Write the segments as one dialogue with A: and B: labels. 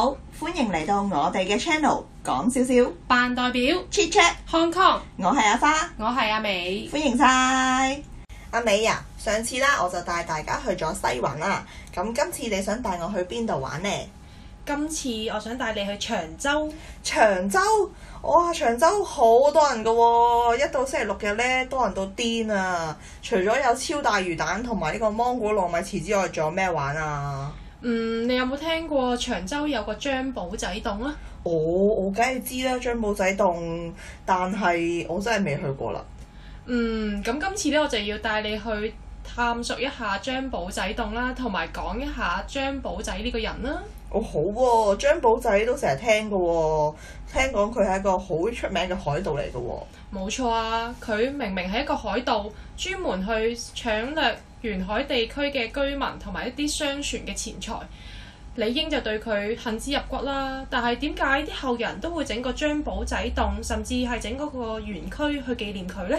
A: 好，歡迎嚟到我哋嘅 channel，講少少扮代表 Chit Chat Hong Kong，我係阿花，我係阿美，歡迎晒阿美啊！上次啦，我就帶大家去咗西環啦，咁今次你想帶我去邊度玩呢？今次我想帶你去長洲，長洲，哇，長洲好多人噶喎，一到星期六日咧，多人到癲啊！除咗有超大魚蛋同埋呢個芒果糯米糍之外，仲有咩玩啊？
B: 嗯，你有冇聽
A: 過長洲有個張保仔洞咧？哦？我我梗係知啦，張保仔洞，但係我真係未去過啦。
B: 嗯，咁今次咧我就要帶你去探索一下張保仔洞啦，同埋講一下張保仔呢個人啦。
A: 哦，好喎、哦，張保仔都成日聽㗎喎，聽講佢係一個好出名嘅海盜嚟㗎喎。
B: 冇錯啊，佢明明係一個海盜，專門去搶掠。沿海地區嘅居民同埋一啲商船嘅錢財，李英就對佢恨之入骨啦。但係點解啲後人都會整個張保仔洞，甚至係整嗰個園區去紀念佢呢？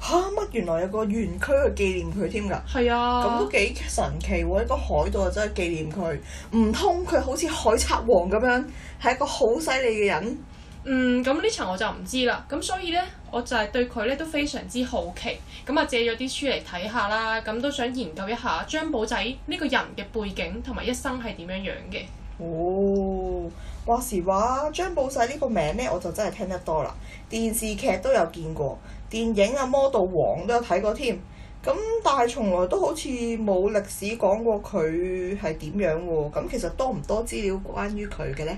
A: 嚇！乜原來有個園區去紀念佢添㗎？係啊！咁都幾神奇喎！一個海盜真係紀念佢，唔通佢好似海賊王咁樣，係一個好
B: 犀利嘅人？嗯，咁呢層我就唔知啦。咁所以呢。我就係對佢咧都非常之好奇，咁啊借咗啲書嚟睇下啦，咁都想研究一下張保仔呢個人嘅背景同埋一生係點樣樣嘅。哦，
A: 話時話張保仔呢個名咧，我就真係聽得多啦，電視劇都有見過，電影啊《魔盜王》都有睇過添。咁但係從來都好似冇歷史講過佢係點樣喎？咁其實多唔多資料關於佢嘅咧？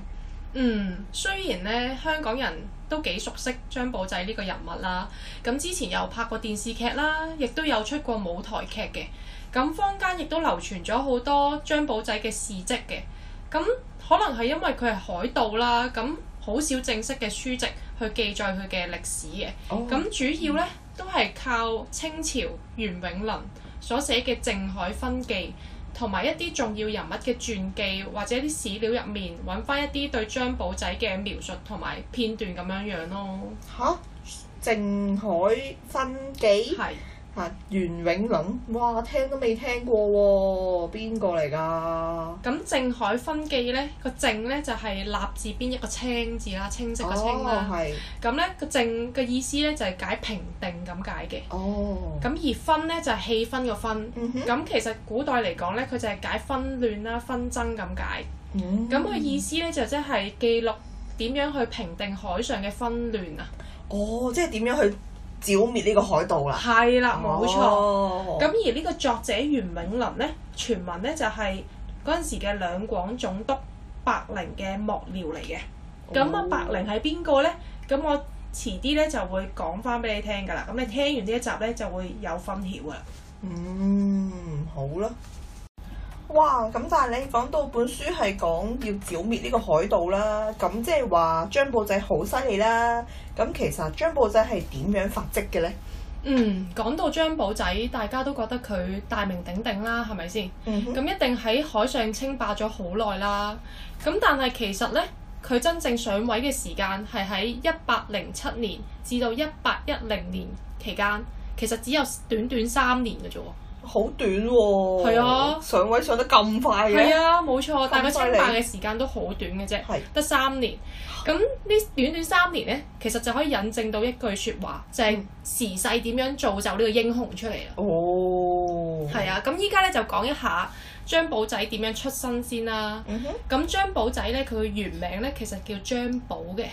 B: 嗯，雖然咧香港人，都幾熟悉張保仔呢個人物啦，咁之前有拍過電視劇啦，亦都有出過舞台劇嘅，咁坊間亦都流傳咗好多張保仔嘅事蹟嘅，咁可能係因為佢係海盜啦，咁好少正式嘅書籍去記載佢嘅歷史嘅，咁、oh，主要呢，嗯、都係靠清朝袁永麟所寫嘅《靖海分記》。同埋一啲重要人物嘅傳記或者啲史料入面，揾翻一啲對張保仔嘅描述同埋片段咁樣樣咯。
A: 嚇？靖海氛記。係。啊！袁永綸？哇，我聽都未聽過喎，邊個嚟㗎？
B: 咁《靖海氛記》咧，個靖咧就係立字邊一個青字啦，青色嘅青啦。哦，係。咁咧個靖嘅意思咧就係解平定咁解嘅。哦。咁而氛咧就係氣氛個氛。嗯哼。咁其實古代嚟講咧，佢就係解紛亂啦、紛爭咁解。嗯。咁個意思咧就即係記錄點樣去平定海上嘅紛亂啊？
A: 哦，即係點樣去？剿滅呢個海盜啦，係啦，冇錯。
B: 咁、oh. 而呢個作者袁永綸咧，傳聞咧就係嗰陣時嘅兩廣總督百齡嘅幕僚嚟嘅。咁啊、oh.，百齡係邊個咧？咁我遲啲咧就會講翻俾你聽㗎啦。咁你聽完呢一集咧就會有分曉啦。嗯、
A: mm,，好咯。哇！咁但係你講到本書係講要剿滅呢個海盜啦，咁即係話張保仔好犀利啦。咁其實張保仔係點樣發跡嘅呢？
B: 嗯，講到張保仔，大家都覺得佢大名鼎鼎啦，係咪先？咁、嗯、哼一定喺海上稱霸咗好耐啦。咁但係其實呢，佢真正上位嘅時間係喺一八零七年至到一八一零年期間，其實只有短短三年嘅啫喎。好
A: 短喎。哦！係啊，上位上得咁快咧！係啊，冇
B: 錯，但係佢稱霸嘅時間都好短嘅啫，得三是年。咁呢短短三年咧，其實就可以引證到一句説話，就係、是、時勢點樣造就呢個英雄出嚟啦。哦，係啊！咁依家咧就講一下張保仔點樣出身先啦。咁、嗯、哼張保仔咧，佢嘅原名咧，其實叫張保嘅。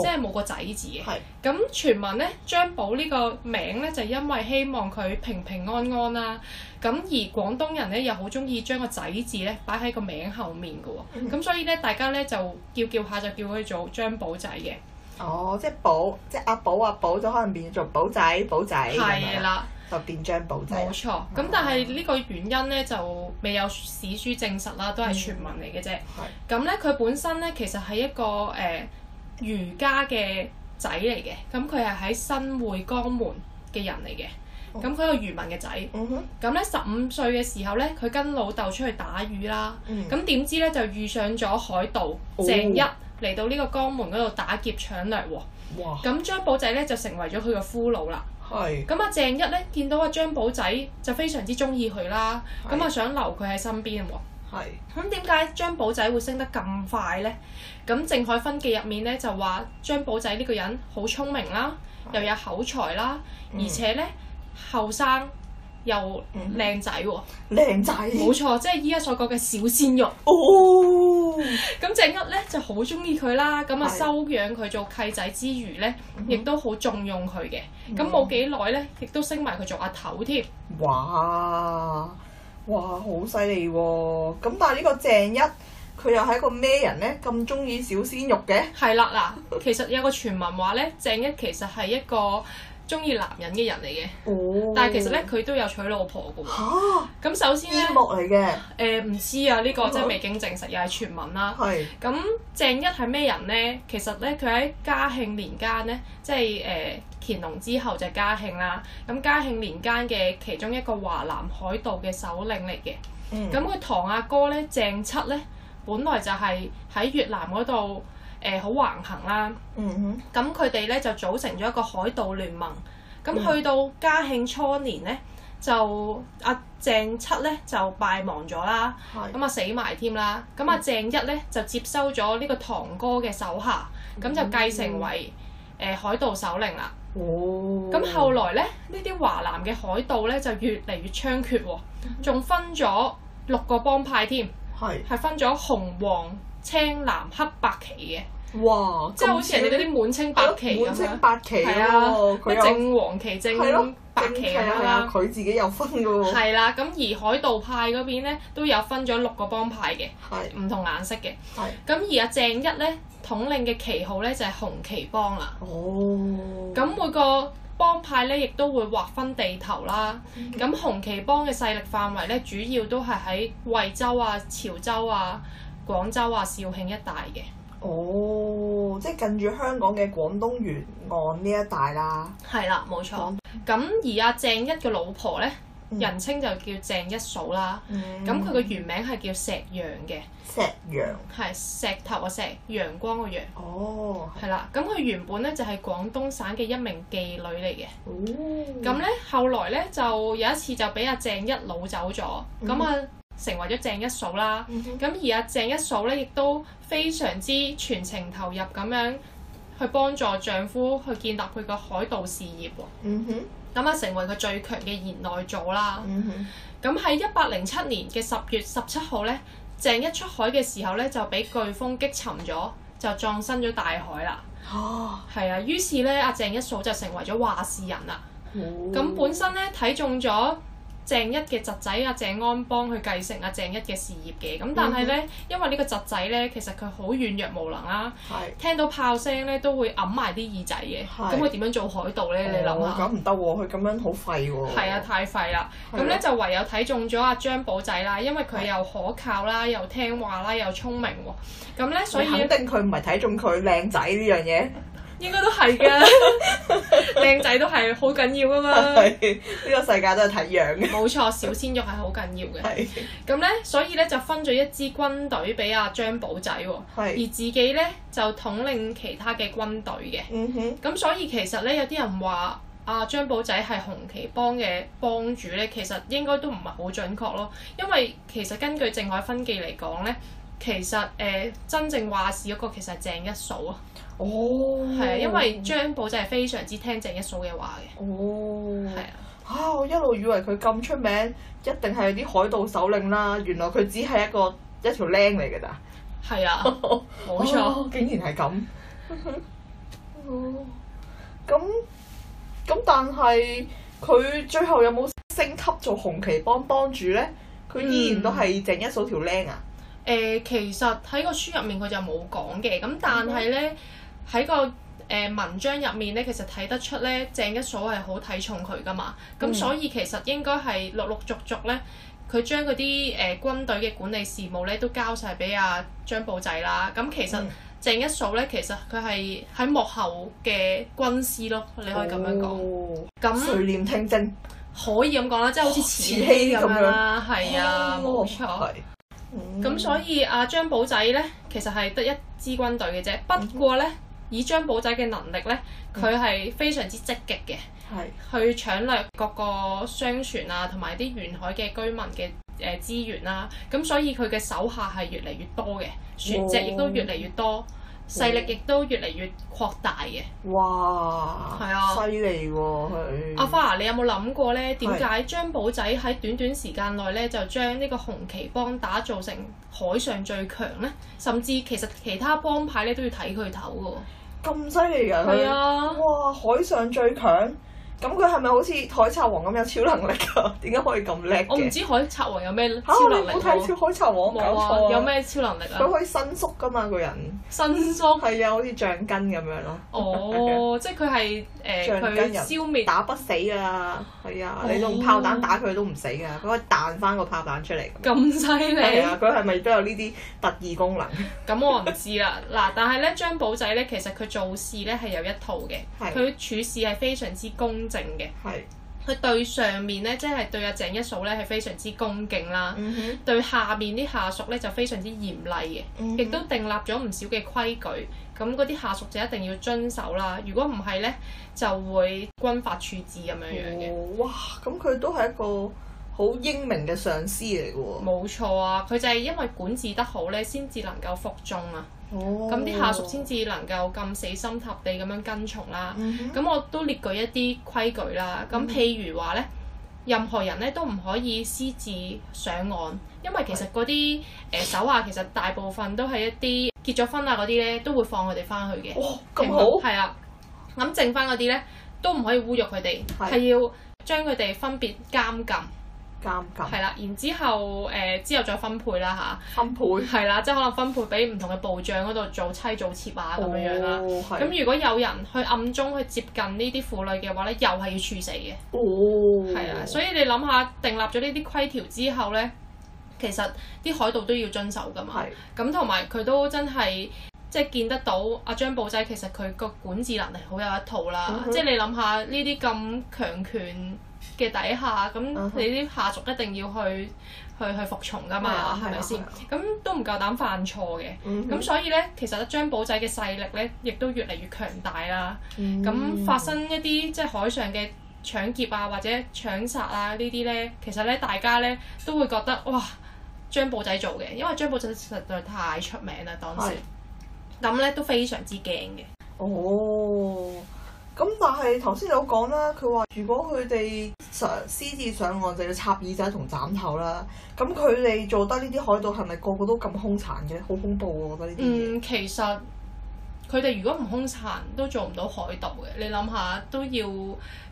B: 即係冇個仔字嘅，咁是傳聞咧，張保呢個名咧，就因為希望佢平平安安啦、啊，咁而廣東人咧又好中意將個仔字咧擺喺個名後面嘅喎、啊，咁、嗯、所以咧，大家咧就叫叫下就叫佢做張保仔嘅。哦，即
A: 係保，即係阿保阿保，保保就可能變做保仔保仔咁樣，係啦，就變張保仔。冇錯。
B: 咁、嗯、但係呢個原因咧就未有史書證實啦，都係傳聞嚟嘅啫。係、嗯。咁咧佢本身咧其實係一個誒。呃漁家嘅仔嚟嘅，咁佢係喺新會江門嘅人嚟嘅，咁佢係漁民嘅仔。咁咧十五歲嘅時候咧，佢跟老豆出去打魚啦。咁點、mm. 知咧就遇上咗海盜、oh. 鄭一嚟到呢個江門嗰度打劫搶掠喎。咁、oh. 張保仔咧就成為咗佢嘅俘虜啦。係 Wow.。咁啊鄭一咧見到阿張保仔就非常之中意佢啦，咁啊 Hey. Hey. 想留佢喺身邊喎。係，咁點解張保仔會升得咁快咧？咁《正海分記呢》入面咧就話張保仔呢個人好聰明啦，是又有口才啦，嗯、而且咧後生又靚仔喎、哦，靚仔，冇錯，即係依家所講嘅小鮮肉。哦、oh! 咁鄭一咧就好中意佢啦，咁啊收養佢做契仔之餘咧，亦是、嗯、都好重用佢嘅。咁冇幾耐咧，亦都升埋佢做阿頭添。哇！哇，好犀利喎！咁但係呢個鄭一，佢又係一個咩人呢？咁中意小鮮肉嘅？係啦嗱，其實有個傳聞話呢，鄭一其實係一個中意男人嘅人嚟嘅。哦、但係其實呢，佢都有娶老婆嘅喎。咁、啊、首先呢，咧，誒唔、呃、知啊，呢、呢個即係未經證實，又係傳聞啦。咁、嗯、鄭一係咩人呢？其實呢，佢喺嘉慶年間呢，即係誒。呃乾隆之後就嘉慶啦，咁嘉慶年間嘅其中一個華南海盜嘅首領嚟嘅，咁佢、嗯、堂阿哥咧鄭七咧，本來就係喺越南嗰度誒好橫行啦，咁佢哋咧就組成咗一個海盜聯盟，咁去到嘉慶初年咧就阿、嗯啊、鄭七咧就敗亡咗啦，咁啊是死埋添啦，咁、嗯、啊鄭一咧就接收咗呢個堂哥嘅手下，咁就繼承為誒、嗯呃呃、海盜首領啦。哦，咁後來咧，呢啲華南嘅海盜咧就越嚟越猖獗喎，仲分咗六個幫派添，係係是分咗紅黃青藍黑白旗嘅，哇，即係好似人哋啲滿清白旗咁樣，滿清白旗啊，了有正
A: 黃旗正。
B: 旗啊！係啊！佢
A: 自己又分嘅喎。係
B: 啦，咁而海盜派嗰邊咧都有分咗六個幫派嘅，唔係同顏色嘅。係係。咁而阿鄭一咧統領嘅旗號咧就係紅旗幫啦。哦。咁每個幫派咧亦都會劃分地頭啦。咁、嗯、紅旗幫嘅勢力範圍咧，主要都係喺惠州啊、潮州啊、廣州啊、肇慶一帶嘅。
A: 哦，oh，即係近住香港嘅廣東沿
B: 岸呢一帶啦。係啦，冇錯。咁、嗯、而阿鄭一嘅老婆咧，人稱就叫鄭一嫂啦。咁佢嘅原名係叫石陽嘅羊。石陽係石頭啊，石陽光個陽。哦。係啦，咁佢原本咧就係、是、廣東省嘅一名妓女嚟嘅。哦。咁咧後來咧就有一次就俾阿鄭一擄走咗。咁啊、嗯、～、嗯成為咗鄭一嫂啦，咁、嗯、哼而阿、啊、鄭一嫂咧，亦都非常之全程投入咁樣去幫助丈夫去建立佢個海盜事業喎。
A: 嗯
B: 哼，咁啊成為佢最強嘅賢內助啦。嗯咁喺一八零七年嘅十月十七號咧，鄭一出海嘅時候咧，就俾颶風擊沉咗，就葬身咗大海啦。哦，係啊，於是咧、啊，阿鄭、啊、一嫂就成為咗話事人啦。哦、嗯哼，咁本身咧睇中咗鄭一嘅侄仔啊，鄭安邦佢繼承啊鄭一嘅事業嘅。咁，嗯、哼但係咧，因為呢個侄仔咧，其實佢好軟弱無能啦、啊，是聽到炮聲咧都會揞埋啲耳仔嘅，咁佢點樣做海盜咧？哦、你諗下，梗
A: 唔得喎，佢咁樣好廢喎、啊，係
B: 啊，太廢啦。咁咧、啊、就唯有睇中咗阿張保仔啦，因為佢又可靠啦，是又聽話啦，又聰明喎、
A: 啊。咁咧所以肯定佢唔係睇中佢靚仔呢樣嘢。應該都係㗎，
B: 靚 仔都係好緊要㗎嘛。呢個世界都係睇樣嘅。冇錯， 小鮮肉係好緊要嘅。咁咧 的，所以咧就分咗一支軍隊俾阿張保仔喎，的而自己咧就統領其他嘅軍隊嘅。咁、嗯、哼所以其實咧，有啲人話阿、啊、張保仔係紅旗幫嘅幫主咧，其實應該都唔係好準確咯。因為其實根據《靖海氛記》嚟講咧，其實誒、呃、真正話事嗰個其實係鄭一嫂啊。哦，係啊，因為張保仔係非常之聽鄭一嫂嘅話嘅。哦，
A: 係的啊。嚇！我一路以為佢咁出名，一定係啲海盜首領啦。原來佢只係一個一條靚嚟㗎咋。係啊的，冇 錯、哦。竟然係咁。 哦。咁，咁但係佢最後有冇升級做紅
B: 旗幫幫主咧？
A: 佢依然都係
B: 鄭一嫂條靚啊？誒、嗯呃，其實喺個書入面佢就冇講嘅，咁、嗯、但係咧。喺個誒、呃、文章入面咧，其實睇得出咧，鄭一嫂係好睇重佢噶嘛。咁、嗯、所以其實應該係陸陸續續咧，佢將嗰啲誒軍隊嘅管理事務咧都交晒俾阿張保仔啦。咁、嗯、其實鄭一嫂咧，其實佢係喺幕後嘅軍師咯。你可以咁樣講。咁垂簾聽政可以咁講啦，即、就、係、是、好似慈禧咁樣啦，係、哦、啊，冇錯。咁、嗯、所以阿張保仔咧，其實係得一支軍隊嘅啫。不過咧。嗯以張保仔嘅能力咧，佢係、嗯、非常之積極嘅，是去搶掠各個商船啊，同埋啲沿海嘅居民嘅誒資源啦、啊。咁所以佢嘅手下係越嚟越多嘅，哦、船隻亦都越嚟越多，哦、勢力亦都越嚟越擴大嘅。哇！係啊，犀利喎佢。阿花、啊，你有冇諗過咧？點解張保仔喺短短時間內咧，是就將呢個紅旗幫打造成海上最強咧？甚至其實其他幫派咧都要睇佢頭嘅。
A: 咁犀利㗎！係啊、哇，海上最強。咁佢係咪好似海賊王咁有超能力啊？點解可以咁叻？我唔知
B: 海賊王有咩超能力。嚇，你冇睇《海
A: 賊王》？冇啊！有咩
B: 超能力啊？佢可以
A: 伸縮噶嘛，個人。伸縮。係啊，好似橡筋咁樣咯。哦，即係佢係誒佢消滅打不死噶。係啊，你用炮彈打佢都唔死噶，佢可以彈翻個炮彈出嚟。咁犀利！係啊，佢係咪都有呢啲特異功能？
B: 咁我唔知啦。嗱，但係咧，張保仔咧，其實佢做事咧係有一套嘅。係。佢處事係非常之公正嘅，係佢是對上面咧，即係對阿鄭一嫂咧，係非常之恭敬啦。嗯哼對下面啲下屬咧，就非常之嚴厲嘅，嗯、哼亦都訂立咗唔少嘅規矩。咁嗰啲下屬就一定要遵守啦。如果唔係咧，就會軍法處置咁樣樣嘅，哦。哇！咁佢都係一個好英明嘅上司嚟嘅喎，冇錯啊！佢就係因為管治得好咧，先至能夠服眾啊。咁啲、哦、下屬先至能夠咁死心塌地咁樣跟從啦、啊。咁、嗯、哼 我都列舉一啲規矩啦。咁、嗯、哼 譬如話咧，任何人咧都唔可以私自上岸，因為其實嗰啲誒手下其實大部分都係一啲結咗婚啊嗰啲咧，都會放佢哋翻去嘅。哇、哦，咁好係啊！咁剩翻嗰啲咧都唔可以侮辱佢哋，係的要將佢哋分別監禁。係啦監，然之後誒、呃，之後再分配啦吓，啊、分配係啦，即係可能分配俾唔同嘅部將嗰度做妻，做，妻做妾啊咁樣、哦、樣啦。咁的如果有人去暗中去接近呢啲婦女嘅話咧，又係要處死嘅。哦，係啊，所以你諗下訂立咗呢啲規條之後咧，其實啲海盜都要遵守㗎嘛。係的。咁同埋佢都真係即係見得到阿張保仔，其實佢個管治能力好有一套啦。即係、uh huh. 你諗下呢啲咁強權。嘅底下，咁你啲下屬一定要去去去服從㗎嘛，係咪先？咁都唔夠膽犯錯嘅，咁、mm hmm. 所以咧，其實張保仔嘅勢力咧，亦都越嚟越強大啦。咁、mm hmm. 發生一啲即係海上嘅搶劫啊，或者搶殺啊呢啲咧，其實咧大家咧都會覺得哇，張保仔做嘅，因為張保仔實在太出名啦，當時是，咁咧都非常之驚嘅。哦。Oh.
A: 咁但係頭先有講啦，佢話如果佢哋上私自上岸就要、是、插耳仔同斬頭啦。咁佢哋做得呢啲海盜係咪個個都咁兇殘嘅？好恐怖啊！我覺得呢啲嘢。嗯，
B: 其實。佢哋如果唔兇殘，都做唔到海盜嘅。你諗下，都要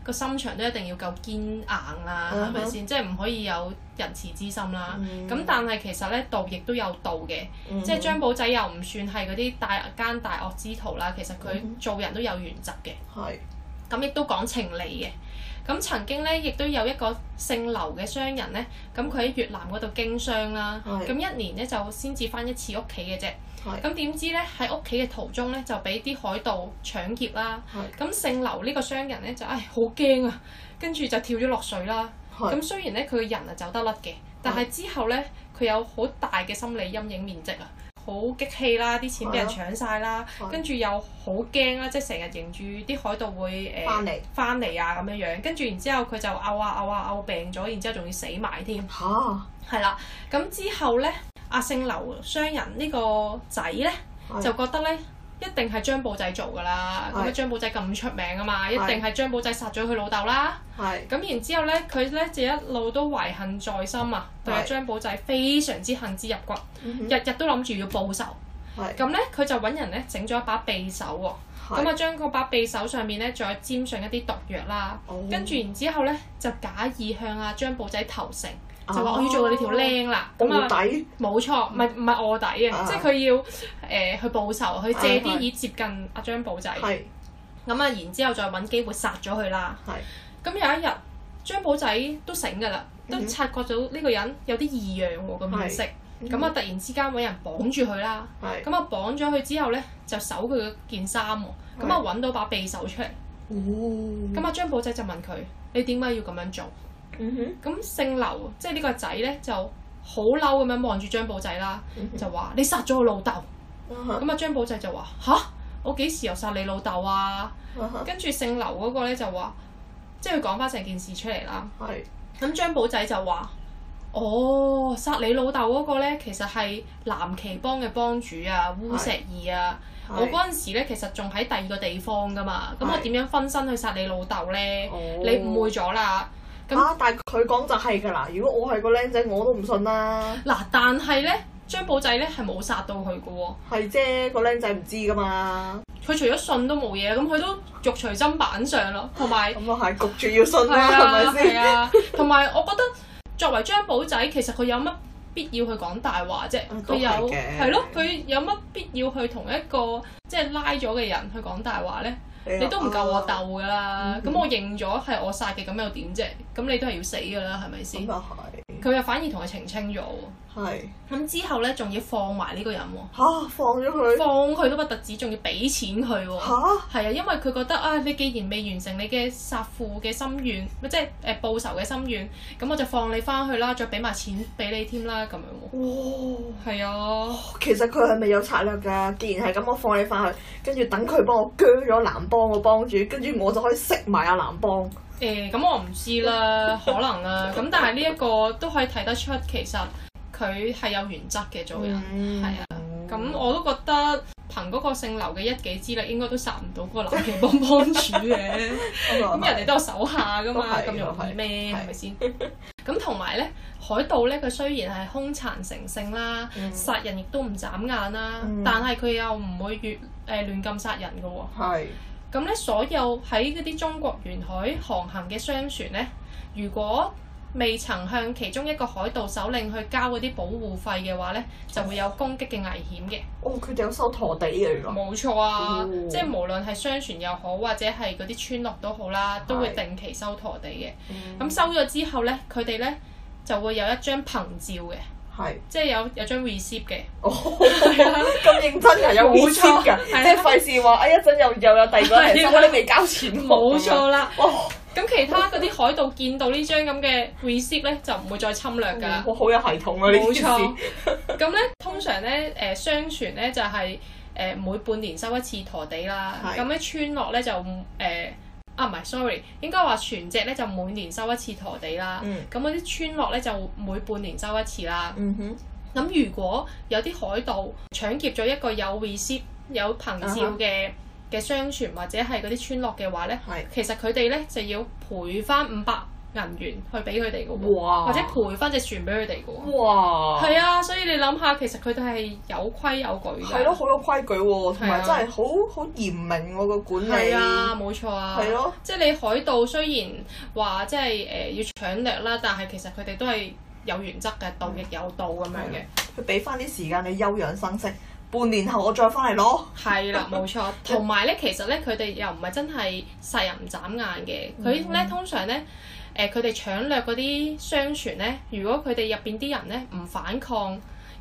B: 個心腸都一定要夠堅硬啦，係咪先？即係唔可以有仁慈之心啦。咁、uh huh. 但係其實咧，盜亦都有道嘅，uh huh. 即係張保仔又唔算係嗰啲大奸大惡之徒啦。其實佢做人都有原則嘅。係、uh。咁、huh. 亦都講情理嘅。咁曾經咧，亦都有一個姓劉嘅商人咧，咁佢喺越南嗰度經商啦。咁、uh huh. 一年咧就先至翻一次屋企嘅啫。咁點知咧，喺屋企嘅途中咧，就俾啲海盜搶劫啦。咁姓劉呢個商人咧，就唉好驚啊，跟住就跳咗落水啦。咁是雖然咧，佢個人啊走得甩嘅，但係之後咧，佢有好大嘅心理陰影面積啊。好激氣啦！啲錢俾人搶晒啦，跟住的又好驚啦，即係成日凝住啲海盜會誒翻嚟啊咁樣樣，跟住然之後佢就嘔啊嘔啊嘔病咗，然之後仲要死埋添吓？係啦，咁之後咧阿姓劉商人個呢個仔咧就覺得咧。一定係張保仔做㗎啦，咁啊的張保仔咁出名啊嘛，的一定係張保仔殺咗佢老豆啦。咁的然之後咧，佢咧就一路都懷恨在心啊，對的張保仔非常之恨之入骨，嗯、哼日日都諗住要報仇。咁咧的，佢就揾人咧整咗一把匕首喎，咁啊將個把匕首上面咧再沾上一啲毒藥啦，跟住、哦、然之後咧就假意向阿、啊、張保仔投誠。就話我要做佢呢條靚啦，咁啊冇錯，唔係唔係卧底啊，即係佢要誒去報仇，佢借啲意接近阿張寶仔，咁啊然之後再揾機會殺咗佢啦。咁有一日，張寶仔都醒噶啦，都察覺到呢個人有啲異樣喎，咁樣色，咁啊突然之間揾人綁住佢啦，咁啊綁咗佢之後咧就搜佢件衫喎，咁啊揾到把匕首出嚟，咁啊張寶仔就問佢：你點解要咁樣做？嗯哼，咁姓劉即係呢個仔咧就好嬲咁樣望住張保仔啦，就話你殺咗我老豆。咁啊張保仔就話吓？我幾時又殺你老豆啊？跟住姓劉嗰個咧就話，即係佢講翻成件事出嚟啦。係，咁張保仔就話，哦，殺你老豆嗰個咧其實係藍旗幫嘅幫主啊，烏石二啊。
A: 我嗰陣
B: 時咧其實仲喺第二個地方噶嘛，咁我點樣分身去殺你老豆咧？你誤會咗啦。嚇、啊！但係佢講就係噶啦，如果我係個僆仔，我仔、啊、都唔信啦。嗱，但係咧，張保仔咧係冇殺到佢嘅喎。係啫，個僆仔唔知噶嘛。佢除咗信都冇嘢，咁佢都肉隨砧板上咯，同埋。咁啊係，焗住要信啦，係咪先？係啊，同埋、啊啊、 我覺得作為張保仔，其實佢有乜必要去講大話啫？佢有係咯，佢有乜必要去同一個即係拉咗嘅人去講大話咧？你都唔夠我鬥㗎啦，咁，嗯哼，我認咗係我殺嘅，咁又點啫？咁你都係要死㗎啦，係咪先？佢又反而同佢澄清咗喎。係，咁是之後咧，仲要放埋呢個人喎。嚇、啊，放咗佢？放佢都不特止，仲要俾錢佢喎。嚇？係啊，因為佢覺得啊，你既然未完成你嘅殺父嘅心願，咪即係誒、呃、報仇嘅心願，咁我就放你翻去啦，再俾埋錢俾你添啦，咁樣喎。哦，係啊的。
A: 其實佢係咪有策略㗎？既然係咁，我放你翻去，跟住等佢幫我鋸咗藍邦個幫主，跟住我就可以識埋阿藍邦。
B: 誒、 欸，咁我唔知啦，可能啦。咁 但係呢一個都可以睇得出，其實。佢係有原則嘅做人，係啊，咁我都覺得憑嗰個姓劉嘅一己之力，應該都殺唔到嗰個劉其邦幫主嘅。咁人哋都有手下㗎嘛，咁容易咩？係咪先？咁同埋咧，海盜咧，佢雖然係兇殘成性啦，殺人亦都唔眨眼啦，但係佢又唔會越誒亂咁殺人㗎喎。係。咁咧，所有喺嗰啲中國沿海航行嘅商船咧，如果未曾向其中一個海盜首領去交嗰啲保護費嘅話咧，就會有攻擊嘅危險嘅。哦，
A: 佢哋有收陀地嘅嚟㗎？冇
B: 錯啊，即係無論係商船又好，或者係嗰啲村落都好啦，都會定期收陀地嘅。咁收咗之後咧，佢哋咧就會有一張憑照嘅，係，即係有有張 receipt 嘅。哦，係啊，咁認真係有護照㗎，即係費事話哎一陣又又有第二個人，因為你未交錢
A: 冇錯啦。
B: 咁其他嗰啲海盜見到呢張咁嘅 receipt 咧，就唔會再侵略㗎啦。嗯。我好有
A: 系統啊！呢啲。冇錯。
B: 咁咧， 通常咧，誒商船咧就係、是、誒、呃、每半年收一次陀地啦。咁啲是村落咧就誒、呃、啊，唔係，sorry，應該話全隻咧就每年收一次陀地啦。嗯。咁嗰啲村落咧就每半年收一次啦。嗯哼。咁如果有啲海盜搶劫咗一個有 receipt 有憑照嘅嘅商船或者係嗰啲村落嘅話咧，的其實佢哋咧就要賠翻五百銀元去俾佢哋嘅喎，哇或者賠翻隻船俾佢哋嘅喎。
A: 哇！係啊，
B: 所以你諗下，其實佢哋係有規有矩嘅。係咯，
A: 好有規矩喎、啊，同埋的真係好好嚴明我、啊這個管理。係啊，
B: 冇錯啊。係咯的。即係的你海盜雖然話即係誒要搶掠啦，但係其實佢哋都係有原則嘅，盜亦有道咁樣嘅。
A: 佢俾翻啲時間你休養生息。半
B: 年後我再翻嚟攞。係啦，冇錯。同埋咧，其實咧，佢哋又唔係真係殺人唔眨眼嘅。佢咧、嗯、通常咧，誒佢哋搶掠嗰啲商船咧，如果佢哋入面啲人咧唔反抗，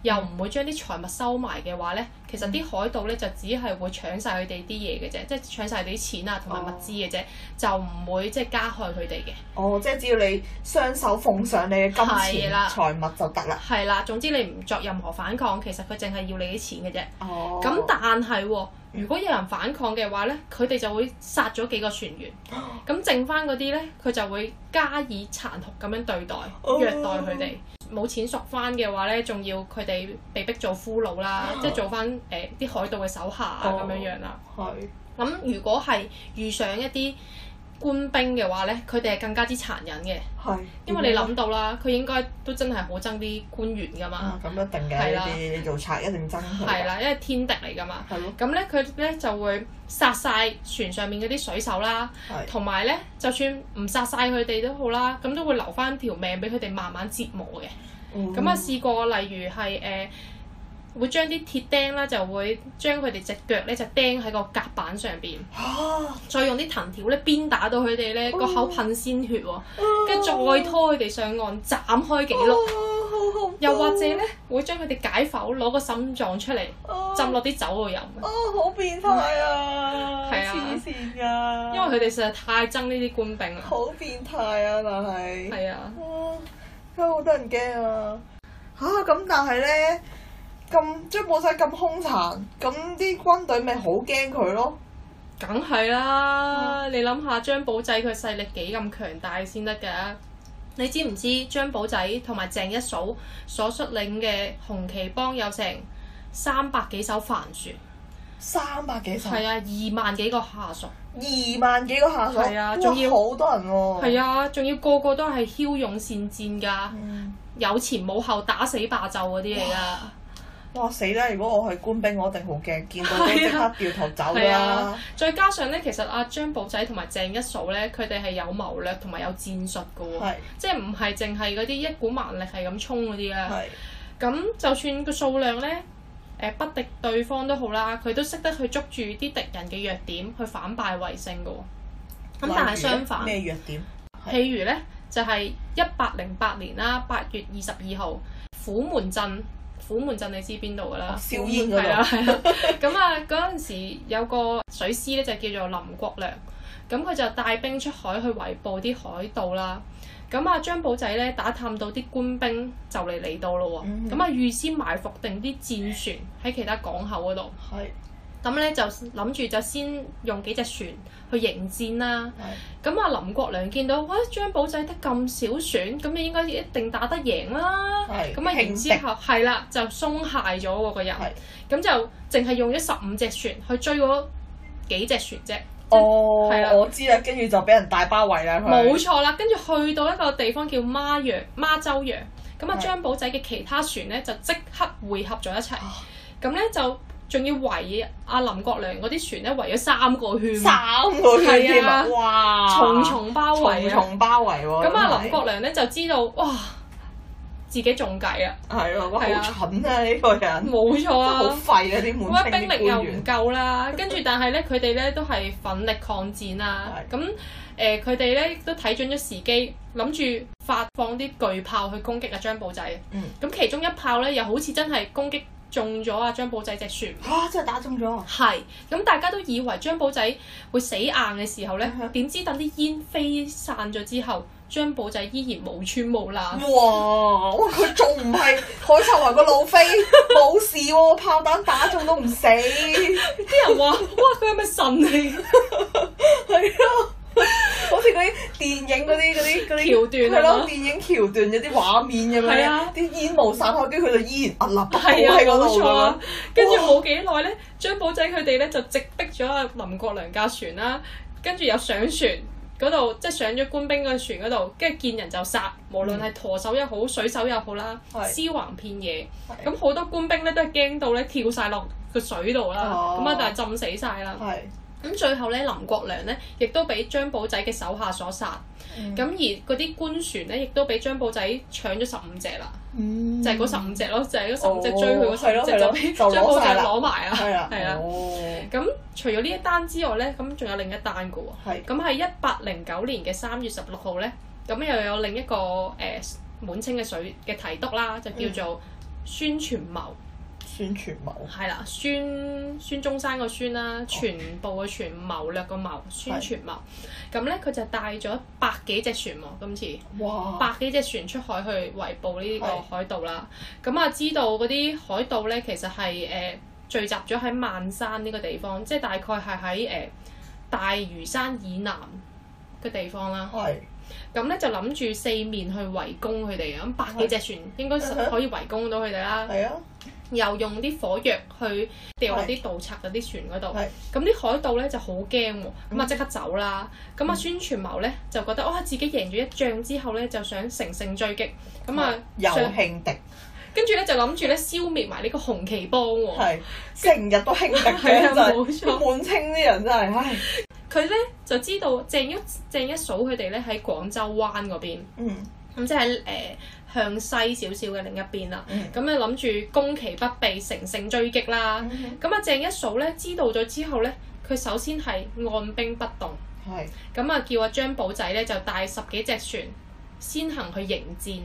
B: 又唔會將啲財物收埋嘅話咧，其實啲海盜咧就只係會搶晒佢哋啲嘢嘅啫，即係搶晒佢哋啲錢啊同埋物資嘅啫，就唔會即係加害佢哋嘅。
A: 哦，即係只要你雙手奉上你嘅金錢財物就得啦。係
B: 啦，總之你唔作任何反抗，其實佢淨係要你啲錢嘅啫。哦。咁但係喎，如果有人反抗嘅話咧，佢哋就會殺咗幾個船員。哦。咁剩翻嗰啲咧，佢就會加以殘酷咁樣對待，虐待佢哋。冇錢贖翻嘅話咧，仲要佢哋被逼做俘虜啦，哦、即係做翻誒啲海盜嘅手下啊咁樣樣啦。係、哦。咁如果係遇上一啲，官兵嘅話咧，佢哋係更加之殘忍嘅，因為你諗到啦，佢應該都真係好憎啲官員噶嘛，咁、嗯、一定嘅係啦，做賊一定憎，係啦，因為天敵嚟噶嘛，咁咧佢咧就會殺晒船上面嗰啲水手啦，同埋咧就算唔殺晒佢哋都好啦，咁都會留翻條命俾佢哋慢慢折磨嘅，咁啊、嗯、我試過例如係誒。呃會將啲鐵釘啦，就會將佢哋隻腳咧就釘喺個甲板上邊，再用啲藤條咧鞭打到佢哋咧個口噴鮮血喎，跟住、哦哦、再拖佢哋上岸斬開幾碌，哦、又或者咧會將佢哋解剖攞個心臟出嚟，哦、浸落啲酒度飲，哦
A: 好變態啊，
B: 黐線
A: 㗎！
B: 因為佢哋實在太憎呢啲官兵啦，好變態啊！但係，係啊，都
A: 好多人驚啊！嚇咁、啊啊，但係咧～咁張保仔咁兇殘，
B: 咁啲軍隊咪好驚佢咯？梗係啦！啊、你諗下張保仔佢勢力幾咁強大先得㗎？你知唔知張保仔同埋鄭一嫂所率領嘅紅旗幫有成三百幾艘帆船？三百幾艘？係啊，二萬幾個下屬。二萬幾個下屬。係啊，仲要好
A: 多人喎。係啊，
B: 仲、啊、要個個都係驍勇善戰㗎，嗯、有前冇後，打死霸就嗰啲嚟㗎。
A: 哇、哦！死啦！如果我係官兵，我
B: 一定好驚，見到你即
A: 刻掉頭走啦、啊啊。
B: 再加上咧，其實阿、啊、張保仔同埋鄭一嫂咧，佢哋係有謀略同埋有戰術嘅喎，是即係唔係淨係嗰啲一股蠻力係咁衝嗰啲啦。咁是就算個數量咧，誒、呃、不敵對方好都好啦，佢都識得去捉住啲敵人嘅弱點去反敗為勝嘅喎。咁但係相反咩弱
A: 點？譬
B: 如咧，就係一八零八年啦，八月二十二號，虎門鎮。虎門鎮你知邊度㗎啦？銷煙嗰度。係啦，係啦。咁啊，嗰陣時有個水師咧，就叫做林國良。咁佢就帶兵出海去圍捕啲海盜啦。咁啊，張保仔咧，打探到啲官兵、嗯、就嚟嚟到咯喎。咁啊，預先埋伏定啲戰船喺其他港口嗰度。係。咁咧就諗住就先用幾隻船去迎戰啦。咁啊是的 林國良見到，哇，張保仔得咁少船，咁你應該一定打得贏啦。咁啊的然之後係啦平定，就鬆懈咗喎、這個人。咁是的 就淨係用咗十五隻船去追嗰幾隻船啫。哦，係啊，我知啦，
A: 跟住就俾人大包圍啦。冇錯
B: 啦，跟住去到一個地方叫孖洋孖洲洋，咁啊張保仔嘅其他船咧就即刻匯合咗一齊。咁咧就。仲要圍阿林國良嗰啲船咧，圍咗三個圈，三個圈啊！圈啊哇，重重包圍、啊、重重包圍喎、啊！咁阿林國良咧就知道，哇，自己中計啊！係咯，好蠢啊呢、這個人！冇錯啊！真係好廢啊啲滿清啲官員，兵力又唔夠啦。 跟住但係咧，佢哋咧都係奮力抗戰啦、啊。咁誒的，佢哋咧都睇準咗時機，諗住發放啲巨炮去攻擊阿張保仔。咁、嗯、其中一炮咧，又好似真係攻擊。中咗啊！張保仔隻船嚇，真係打中咗。係咁、嗯，大家都以為張保仔會死硬嘅時候咧，點 知等啲煙飛散咗之後，張保仔依然無穿冇爛。哇！哇，
A: 佢仲唔係海賊王個路飛冇 事喎、啊，炮彈打中都唔死。啲 人話：哇，佢係咪神嚟？係 啊！嗰啲電影嗰啲嗰啲啲橋段咯，係咯，電影橋段有啲畫面咁樣是啊，啲煙霧散開，跟住佢就依然屹立不倒啊，係冇錯、啊。跟住冇幾
B: 耐咧，張保仔佢哋咧就直逼咗阿林國良架船啦，跟住又上船嗰度，即係上咗官兵個船嗰度，跟住見人就殺，無論係舵手又好、水手又好啦，嗯、屍橫遍野。咁好是、啊、多官兵咧都係驚到咧跳晒落個水度啦，咁啊、哦、但係浸死晒啦。咁最後咧，林國良咧，亦都俾張保仔嘅手下所殺。咁、嗯、而嗰啲官船咧，亦都俾張保仔搶咗十五隻啦、嗯。就係嗰十五隻咯、哦哦，就係嗰十五隻追佢嗰十五隻就俾張保仔攞埋啊！係啦、 嗯，咁、嗯、除咗呢一單之外咧，咁仲有另一單噶喎。咁係一八零九年嘅三月十六號咧，咁又有另一個誒、呃、滿清嘅水嘅提督啦，就叫做宣傳謀。孫全謀係啦，孫孫中山個孫啦，全部嘅全，謀略個謀孫全，oh. 謀咁咧。佢就帶咗百幾隻船喎，今次哇百幾隻船出海去圍捕呢個海盜啦。咁啊是、嗯，知道嗰啲海盜咧，其實係誒、呃、聚集咗喺萬山呢個地方，即係大概係喺誒大嶼山以南嘅地方啦。係咁咧，就諗住四面去圍攻佢哋啊！咁百幾隻船應該可以圍攻到佢哋啦。係啊是～、嗯嗯又用啲火藥去掉嗰啲盜賊嗰啲船嗰度，咁啲的海盜咧就好驚喎，咁啊即刻走啦。咁啊孫全謀咧就覺得哇、哦、自己贏咗一仗之後咧就想乘勝追擊，咁啊又輕敵，嗯、跟住咧就諗住咧消滅埋呢個紅旗幫喎，成日都輕敵嘅就滿清啲人 真係唉。佢咧就知道鄭一鄭一嫂佢哋咧喺廣州灣嗰邊，咁、嗯、即係誒。呃呃向西少少嘅另一邊啦，咁啊諗住攻其不備，乘勝追擊啦。咁啊鄭一嫂咧知道咗之後咧，佢首先係按兵不動，咁啊、mm hmm. 叫阿張保仔咧就帶十幾隻船先行去迎戰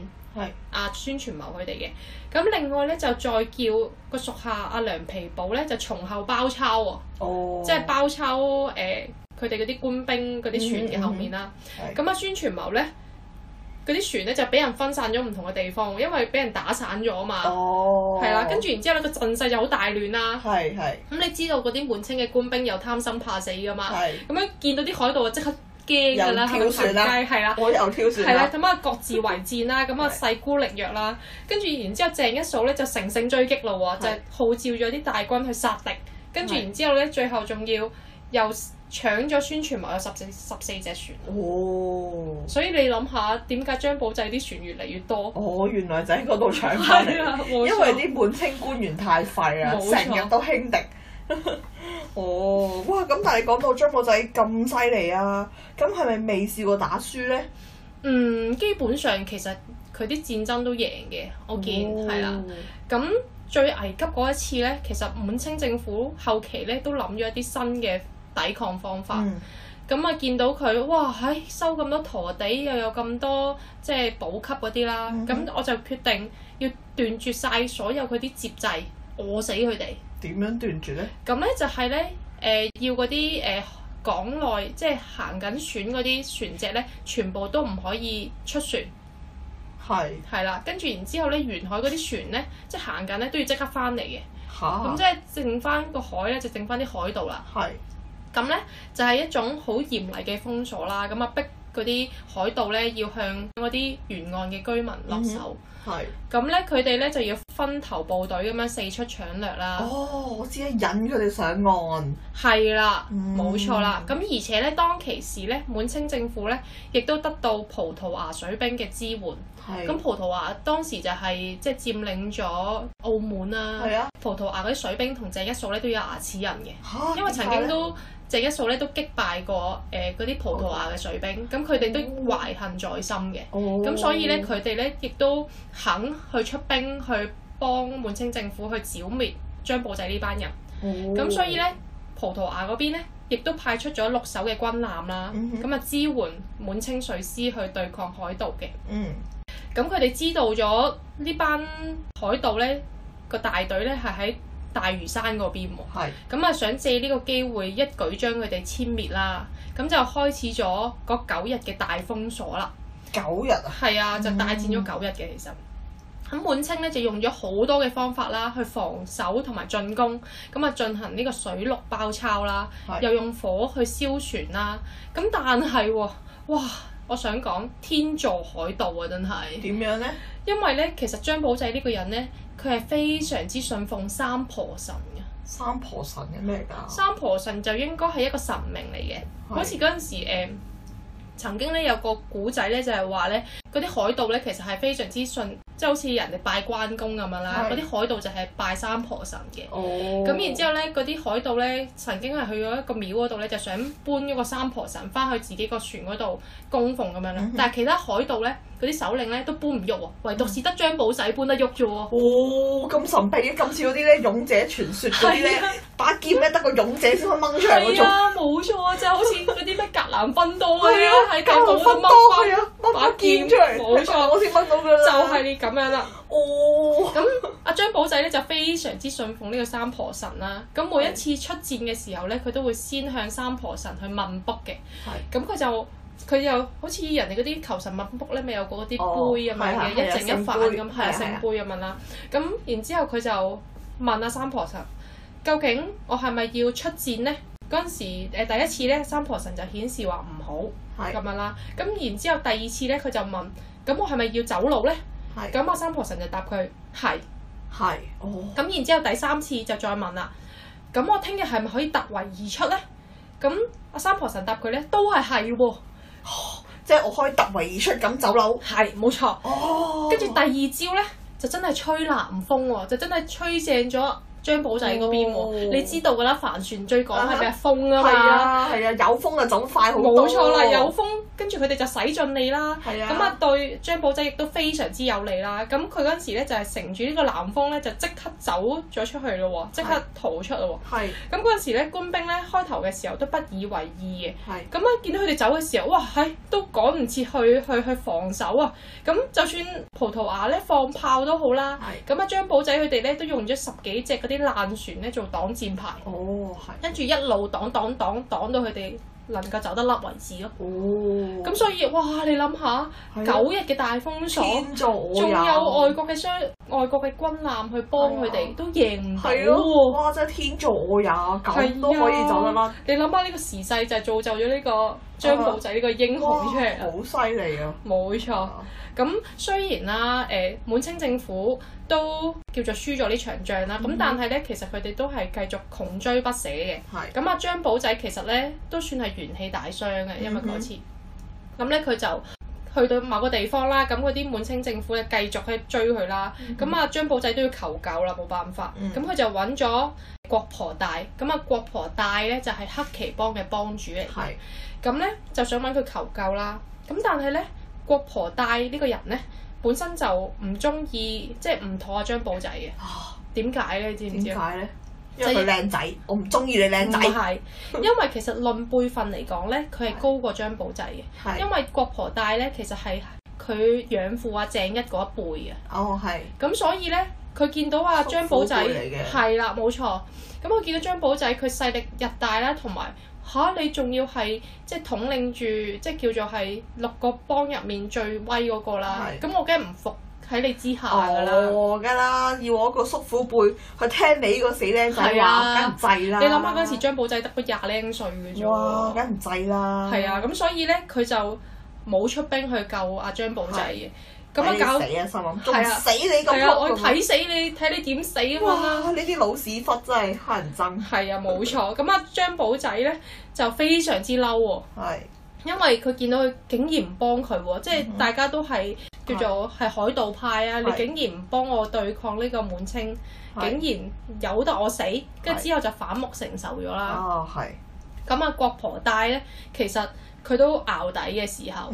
B: 阿孫傳謀佢哋嘅。咁另外咧就 them, 再叫個屬下阿梁皮保咧就從後包抄喎，即係、oh. 包抄誒佢哋嗰啲官兵嗰啲船嘅後面啦。咁阿孫傳謀咧。Hmm. Mm hmm. 嗰啲船咧就俾人分散咗唔同嘅地方，因為俾人打散咗啊嘛，係啦、哦啊，跟住然之後咧個陣勢就好大亂啦、啊，咁是是、嗯、你知道嗰啲滿清嘅官兵又貪心怕死噶嘛，咁樣見到啲海盜啊即刻驚㗎啦，係咪？跳船啦，
A: 我又跳船啦，咁
B: 啊各自為戰啦，咁啊勢孤力弱啦，跟住然之後鄭一嫂咧就乘勝追擊嘞喎，是 就號召咗啲大軍去殺敵，跟住然之後咧最後仲要又。搶咗宣傳物有十四十四隻船，哦、所以你諗下點解張保仔啲船越嚟越多？哦，
A: 原來就喺嗰度搶、啊、因為啲滿清官員太廢啦，成日錯都輕敵。 哦，哇！咁但係講到張保仔咁犀利啊，
B: 咁係咪未試過打輸呢？嗯，基本上其實佢啲戰爭都贏嘅，我見係啦。咁、哦啊、最危急嗰一次呢，其實滿清政府後期呢都諗咗一啲新嘅抵抗方法咁啊！見、嗯、到佢哇，唉收咁多陀地，又有咁多即係補給嗰啲啦。咁、嗯嗯、我就決定要斷絕晒所有佢啲接濟，餓死佢哋。
A: 點樣斷
B: 絕咧？咁咧就係咧誒，要嗰啲誒港內即係行緊船嗰啲船隻咧，全部都唔可以出船。係是。係啦，跟住然之後咧，沿海嗰啲船咧，即係行緊咧，都要即刻翻嚟嘅。嚇哈！咁即係剩翻個海咧，就剩翻啲海度啦。係。咁咧就係、是、一種好嚴厲嘅封鎖啦，咁啊逼嗰啲海盜咧要向嗰啲沿岸嘅居民落手，咁咧佢哋咧就要分頭部隊咁樣四出搶掠啦。哦，
A: 我知啦，引佢哋上
B: 岸。係啦了，
A: 冇、嗯、錯啦。
B: 咁而且咧，當其時咧，滿清政府咧亦都得到葡萄牙水兵嘅支援。係是。咁葡萄牙當時就係即係佔領咗澳門啦。係啊。啊葡萄牙嗰啲水兵同鄭一嫂咧都有牙齒印嘅，因為曾經都。這一數咧都擊敗過誒嗰啲葡萄牙嘅水兵，咁佢哋都懷恨在心嘅，咁、oh. 所以咧佢哋咧亦都肯去出兵去幫滿清政府去剿滅張保仔呢班人，咁、oh. 所以咧葡萄牙嗰邊咧亦都派出咗六艘嘅軍艦啦，咁啊、mm hmm. 支援滿清水師去對抗海盜嘅，咁佢哋知道咗呢班海盜咧個大隊咧係喺大嶼山嗰邊喎，咁啊是想借呢個機會一舉將佢哋殲滅啦，咁就開始咗個九日嘅大封鎖啦。九日啊！係啊，就大戰咗九日嘅、嗯、其實。咁滿清咧就用咗好多嘅方法啦，去防守同埋進攻，咁啊進行呢個水陸包抄啦，是又用火去燒船啦，咁但係喎，哇！我想講天助海盜啊，真係。點樣呢？因為咧，其實張保仔呢個人咧。佢係非常之信奉三婆神嘅。三
A: 婆神嘅咩
B: 嚟㗎？三婆神就應該係一個神明嚟嘅，是好似嗰陣時、呃、曾經咧有個古仔咧就係話咧，嗰啲海盜咧其實係非常之信。即係好似人哋拜關公咁樣啦，嗰啲海盜就係拜三婆神嘅。哦。咁然之後咧，嗰啲海盜咧，曾經係去咗一個廟嗰度咧，就想搬一個三婆神翻去自己個船嗰度供奉咁樣啦。但係其他海盜咧，嗰啲首領咧都搬唔喐喎，唯獨是得張保仔搬得喐咗喎。哦，咁神秘嘅，咁似嗰啲咧，勇者傳説嗰啲咧，
A: 把劍咧得個勇者先可以掹長嗰種。係啊，冇錯啊，就好似嗰啲咩格蘭芬多啊，係格蘭芬多掹把劍出嚟，冇錯，我先掹到佢啦。就係
B: 咁樣啦，哦，咁阿張保仔咧就非常之信奉呢個三婆神啦。咁每一次出戰嘅時候咧，佢都會先向三婆神去問卜嘅。係，咁佢就佢又好似人哋嗰啲求神問卜咧，咪有嗰啲杯呀嘛，嘅一正一反咁，係啊，聖杯咁問啦。咁然之後佢就問阿、啊、三婆神，究竟我係咪要出戰咧？嗰陣時誒，第一次咧，三婆神就顯示話唔好咁樣啦。咁然之後第二次咧，佢就問，咁我係咪要走路咧？咁阿三婆神就答佢係係，咁、哦、然之後第三次就再問啦。咁我聽日係咪可以突圍而出咧？咁阿三婆神答佢咧都係係喎，即係我可以突圍而出咁走佬。係冇錯，跟住、哦哦、第二招咧就真係吹南風喎，就真係吹正咗。張保仔嗰邊喎，你知道噶啦，帆船追趕係咪風啊嘛？係啊，有風就走快好多。冇錯啦，有風跟住佢哋就使盡力啦。係啊。咁啊對張保仔亦都非常之有利啦。咁佢嗰陣時咧就係乘住呢個南風咧，就即刻走咗出去咯喎，即刻逃出咯喎。咁嗰陣時咧，官兵咧開頭嘅時候都不以為意嘅。係。咁啊見到佢哋走嘅時候，哇唉都趕唔切去去去防守啊！咁就算葡萄牙咧放炮都好啦。咁啊張保仔佢哋咧都用咗十幾隻啲爛船咧做擋箭牌，哦，係，跟住一路擋擋擋擋，擋，擋到佢哋能夠走得甩為止咯，哦，咁所以，哇！你諗下，的九日嘅大風所，仲有外國嘅商、外國嘅軍艦去幫佢哋，的都贏唔到喎，哇！
A: 真係天助我這樣 的也，咁都可以走得甩。
B: 你諗下呢個時勢就係造就咗呢個。張保仔呢個英雄出嚟，好犀利啊！冇 錯，咁、啊、雖然啦，誒、呃、滿清政府都叫做輸咗呢場仗啦，咁、嗯、哼但係咧，其實佢哋都係繼續窮追不捨嘅。係是，咁阿張保仔其實咧都算係元氣大傷嘅，因為嗰次，咁咧佢就，去到某個地方啦，咁嗰啲滿清政府咧繼續去追佢啦，咁啊張保仔都要求救啦，冇辦法，咁佢、嗯、就揾咗郭婆帶，咁啊郭婆帶咧就係、是、黑旗幫嘅幫主嚟嘅，咁咧是就想揾佢求救啦，咁但係咧郭婆帶呢個人咧本身就唔中意，即係唔妥阿張保仔嘅，點解咧？你知唔知？點解？即係佢靚仔，我唔中意你靚仔。唔係，因為其實論輩份嚟講咧，佢係高過張寶仔嘅。係是。因為郭婆帶咧，其實係佢養父阿、啊、鄭一嗰一輩嘅。哦，係。咁所以咧，佢見到阿、啊、張寶仔，係啦，冇錯。咁我見到張寶仔，佢勢力日大啦，同埋吓，你仲要係即係統領住，即、就、係、是、叫做係六個幫入面最威嗰個啦。係是。咁我驚唔服。喺你之下
A: 噶啦，梗啦，哦，要我一個叔父輩去聽你呢
B: 個死僆仔話，梗唔制啦。你諗下嗰陣時，張保仔得個廿零歲嘅啫喎，梗唔制啦。係啊，咁、啊、所以咧，佢就冇出兵去救阿張保仔嘅。咁啊，搞你死，啊心死你啊！心諗，係啊，死你！係啊，我睇死你，睇你點死咁樣。哇！呢啲老屎忽真係乞人憎。係啊，冇錯。咁啊， 張保仔咧就非常之嬲喎。因為佢見到佢竟然唔幫佢喎，即係大家都係叫做係海盜派啊！是你竟然唔幫我對抗呢個滿清，是竟然由得我死，跟住是之後就反目成仇咗啦。哦，係。咁啊，郭婆帶咧，其實佢都咬底嘅時候，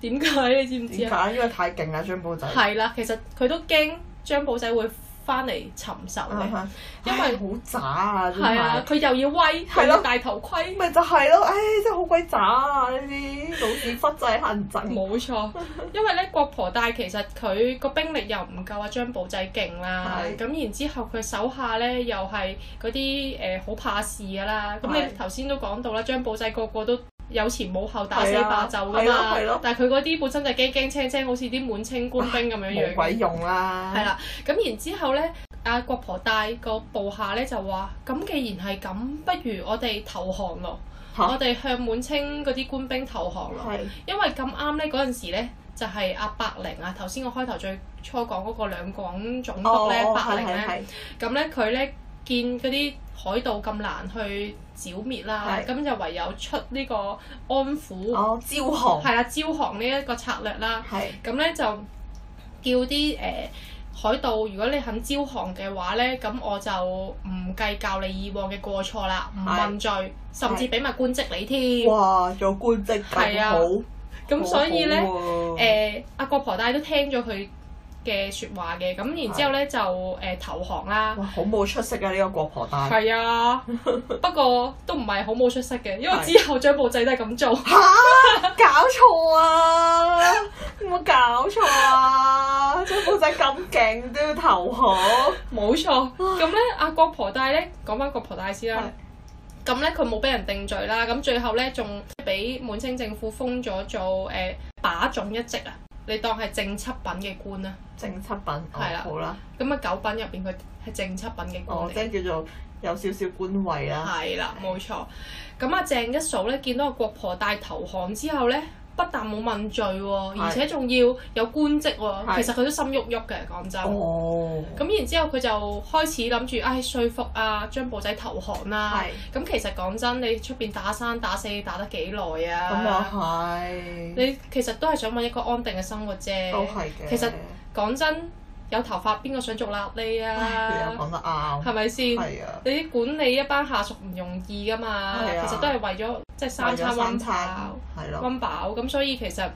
B: 點解、嗯、哼你知唔知啊？因
A: 為太勁啦，張保仔。係
B: 啦，其實佢都驚張保仔會翻嚟尋仇嘅，uh huh. 因為好渣啊！係啊，佢又要威，又了要戴頭盔，咪就係咯！唉，真係好鬼渣啊！呢啲 老屎忽仔行陣，冇錯。因為咧，郭婆帶其實佢個兵力又唔夠啊，張保仔勁是、呃、啦，咁然之後佢手下咧又係嗰啲誒好怕事噶啦。咁你頭先都講到啦，張保仔個個都。有前冇後打死霸就㗎嘛，啊啊啊、但係佢嗰啲本身就驚驚青青，好似啲滿清官兵咁樣樣，冇鬼用啦、啊。係啦、啊，咁然之後咧，阿郭婆帶個部下咧就話：咁既然係咁，不如我哋投降咯，哈我哋向滿清嗰啲官兵投降咯。啊、因為咁啱咧，嗰陣時咧就係阿百靈啊，頭先我開頭最初講嗰個兩廣總督咧，百靈咧，咁咧佢咧見嗰啲海盜咁難去剿滅啦，咁就的唯有出呢個安撫、啊、招降，係啦、嗯、招降呢一個策略啦。咁咧的、嗯、就叫啲誒、呃、海盜，如果你肯招降嘅話咧，咁我就唔計較你以往嘅過錯啦，唔的問罪，甚至俾埋官職你添。的哇！有官職咁好，咁所以咧誒，阿郭婆帶都聽咗佢嘅說話嘅，咁然之後咧就誒、呃、投降啦。哇！好冇出息啊，呢、這個郭婆帶。係 啊，不過都唔係好冇出息嘅，因為之後張保仔都係咁做。嚇、 啊！搞錯啊！有冇搞錯啊！ 張保仔咁勁都要投降。冇錯。咁咧，阿郭婆帶咧，講翻郭婆帶先啦。咁咧哇，佢冇俾人定罪啦。咁最後咧，仲俾滿清政府封咗做誒把總一職啊。你當係正七品嘅官啦，正七品，係啦的、哦，好啦，咁啊九品入邊佢係正七品嘅官，哦，即
A: 係叫做有少少官
B: 位啦、啊。係啦，冇錯。咁啊 鄭一嫂咧見到郭婆帶投降之後咧，不但冇問罪喎、啊，而且仲要有官職喎、啊，是其實佢都心郁郁嘅。講真，哦，咁然之後佢就開始諗住，唉說服啊，張保仔投降啦、啊。咁是其實講真，你出邊打三打四打得幾耐啊？咁又係。你其實都係想揾一個安定嘅生活啫。都係嘅。其實講真。有頭髮，邊個想做喇喱啊？係講得啱。係咪先？係啊。你啲管理一班下屬唔容易噶嘛？其實都係為咗即係三餐温飽，係咯。温飽咁，所以其實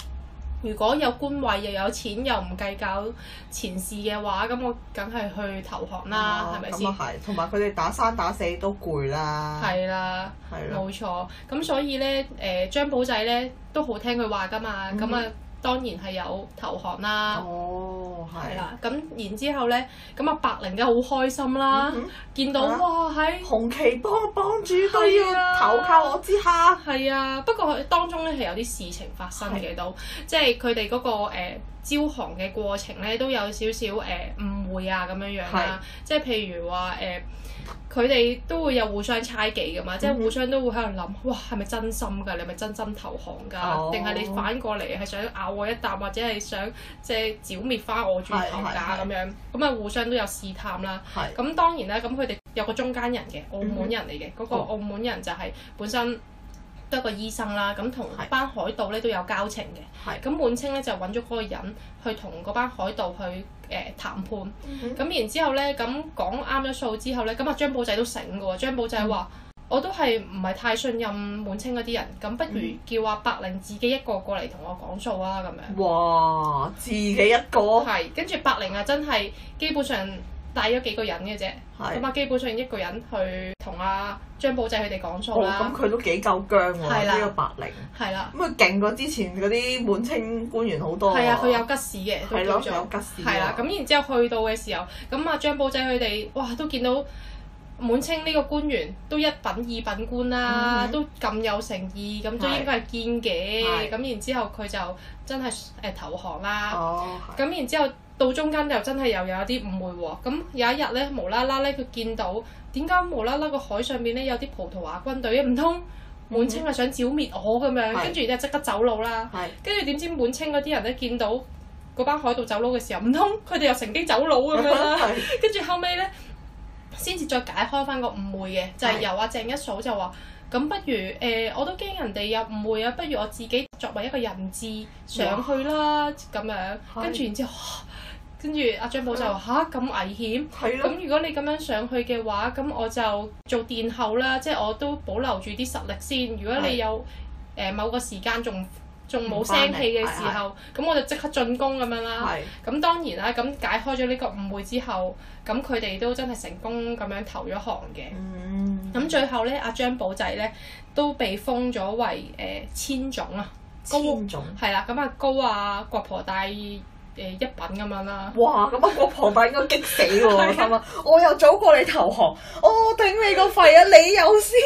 B: 如果有官位又有錢又唔計較前事嘅話，咁我梗係去投降啦，係咪先？
A: 咁同埋佢哋打生打死都攰啦。
B: 係啦。係。冇錯。咁所以咧，誒張保仔咧都好聽佢話噶嘛，咁啊當然係有投降啦。哦。係啦，咁然之後呢，咁啊白靈咧好開心啦，嗯嗯見到的，哇喺紅旗幫幫主都要投靠我之下，係啊，不過當中呢係有啲事情發生嘅都，的即係佢哋嗰個、呃招降嘅過程咧都有少少誒誤會啊咁樣樣、啊、啦，是即係譬如話誒，佢、呃、哋都會有互相猜忌噶嘛，嗯、哼即係互相都會喺度諗，哇係咪真心㗎？你係咪真心投降㗎？定係、哦、你反過嚟係想咬我一啖，或者係想即係剿滅翻我住行家咁樣？咁啊互相都有試探啦。咁是當然啦，咁佢哋有個中間人嘅澳門人嚟嘅，嗰、嗯、哼個澳門人就係本身，都一個醫生啦，咁同班海盜咧都有交情嘅。咁是的 滿清咧就揾咗嗰個人去同嗰班海盜去誒、呃、談判。咁、mm hmm. 然後呢之後咧，咁講啱咗數之後咧，咁阿張保仔都醒㗎喎。張保仔話、mm hmm.：我都係唔係太信任滿清嗰啲人，咁、mm hmm. 不如叫阿白玲自己一個過嚟同我講數啊咁樣。
A: 哇！自己一個。
B: 係， 跟住白玲啊，真係基本上。帶咗幾個人嘅啫，咁啊基本上一個人去同阿張保仔佢哋講錯啦。咁佢
A: 都幾夠薑喎，呢個白領。
B: 係啦。咁啊勁過之前嗰啲滿
A: 清官員好多。係啊，佢有吉士嘅。係咯，有吉
B: 士。係啦，咁然之後去到嘅時候，咁啊張保仔佢哋，哇，都見到滿清呢個官員都一品二品官啦，都咁有誠意，咁都應該係堅嘅。咁然之後佢就真係誒投降啦。哦。咁然之後。到中間又真係又有啲誤會喎，啊、咁、嗯、有一日咧無啦啦咧佢見到，點解無啦啦個海上面咧有啲葡萄牙軍隊，唔通滿清係想剿滅我咁樣，跟住而家即刻走佬啦，跟住點知滿清嗰啲人咧見到嗰班海盜走佬嘅時候，唔通佢哋又乘機走佬咁樣，跟住是、嗯、後尾咧先至再解開翻個誤會嘅，就係、是、由阿、啊、鄭一嫂就話。咁不如誒、呃，我都驚人哋有誤會啊！不如我自己作為一個人質上去啦，咁麼樣是跟住然之後，跟住阿張保就話吓，咁的危險，咁的如果你咁樣上去嘅話，咁我就做殿後啦，即係我都保留住啲實力先。如果你有誒的、呃、某個時間仲。仲冇聲氣嘅時候，咁我就即刻進攻咁樣啦。咁的當然啦，咁解開咗呢個誤會之後，咁佢哋都真係成功咁樣投咗行嘅。咁、嗯、最後呢，阿張保仔呢都被封咗為誒、呃、千總啊，高係啦，咁啊種高啊，郭婆帶。誒一品咁樣啦，哇！咁啊，
A: 我旁仔應該激死喎， 我又早過你投降，我、哦、頂你個肺啊！你
B: 又先，